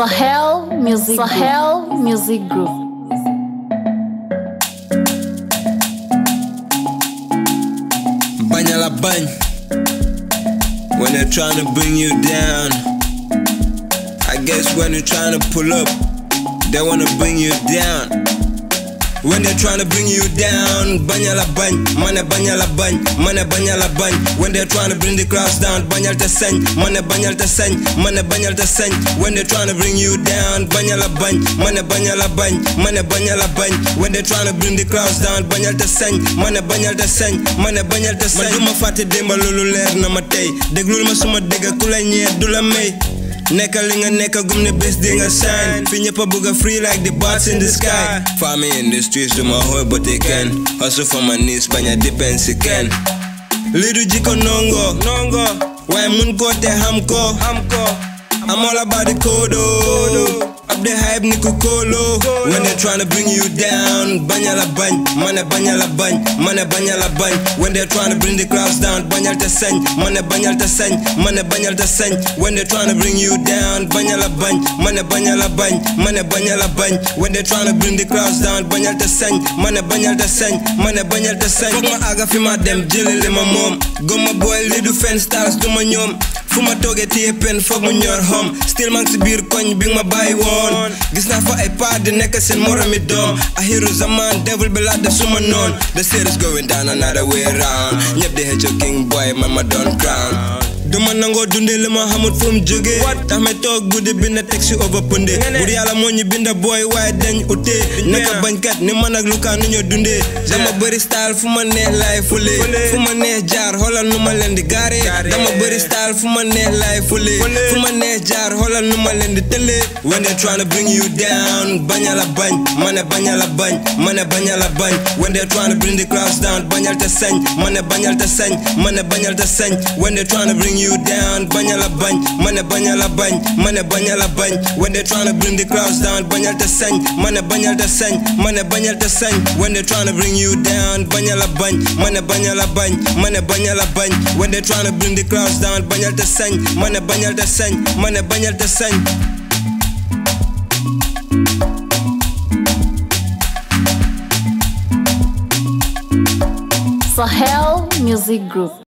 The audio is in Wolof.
Sahel Music Sahel Group. Music Group. Banyala bany. When they're trying to bring you down, I guess when they're trying to pull up, they wanna bring you down. When they're trying to bring you down, banyala bany, mana banyala bany, mana banyala bany. When they're trying to bring the crowds down, banyal te sen, mana banyal te sen, mana banyal te sen. When they're trying to bring you down, banyala bany, mana banyala bany, mana banyala bany. When they're trying to bring the crowds down, banyal te sen, mana banyal te sen, mana banyal te sen. Ma duma fàtte démba loolu leer na ma tey, déglul ma suma dégg ku may a linga nga a gum the best di nga sign. fi ñëpp a bëgg free like the birds in the sky Farming in the streets my ma but they can. hustle for my needs but a depends, si can. Little jiko nongo nongo Why moon go te hamko, hamko. am I'm all about the kodo up the hype ni ku When they tryna bring you down Banyala bany, mane banyala bany Mane banyala bany When they tryna bring the crowds down Banyal te seny, mane banyal te seny Mane banyal te seny When they tryna bring you down Banyala bany, mane banyala bany Mane banyala bany When they tryna bring the crowds down Banyal te seny, mane banyal te seny Mane banyal te seny Fok ma aga fi my dem my mom, moom my boy li du fen stars du my ñoom fu ma toogee téye pen foog mu ñor xom still maa ngi si biir koñ bi ma bàyyi woon gis naa fa ay paa di nekk seen moromi doom axiru zaman devil bi laa def suma noon the series going down another way round ñëpp di xëccoo king boy man ma not crown duma nangoo dundee li ma xamul fu mu tax ma toog guddi binda teg si over bur yàlla moo ñu binda booy waaye dañ utee naka bañkat ni man ak lukaa nu ñoo dundee dama bëri style fu ma neex laay fulee fu ma neex jaar xoolal nu ma leen di gaaree dama bëri style fu ma neex laay fulee fu ma neex jaar xoolal nu ma leen di tëlee when they trying to bring you down baña la bañ ma ne baña la bañ ma ne baña la bañ when they trying to bring the crowds down bañal te sañ ma ne bañal te sañ ma ne bañal te sañ when they trying to bring you down, bañal a bañ ma ne bañal a bañ when they tryna bring the crowds down bañal te sañ ma ne bañal te sañ ma ne bañal when they tryna bring you down bañal a bañ ma ne bañal a bañ when they tryna bring the crowds down bañal te sañ ma ne bañal te sañ ma ne bañal Sahel Music Group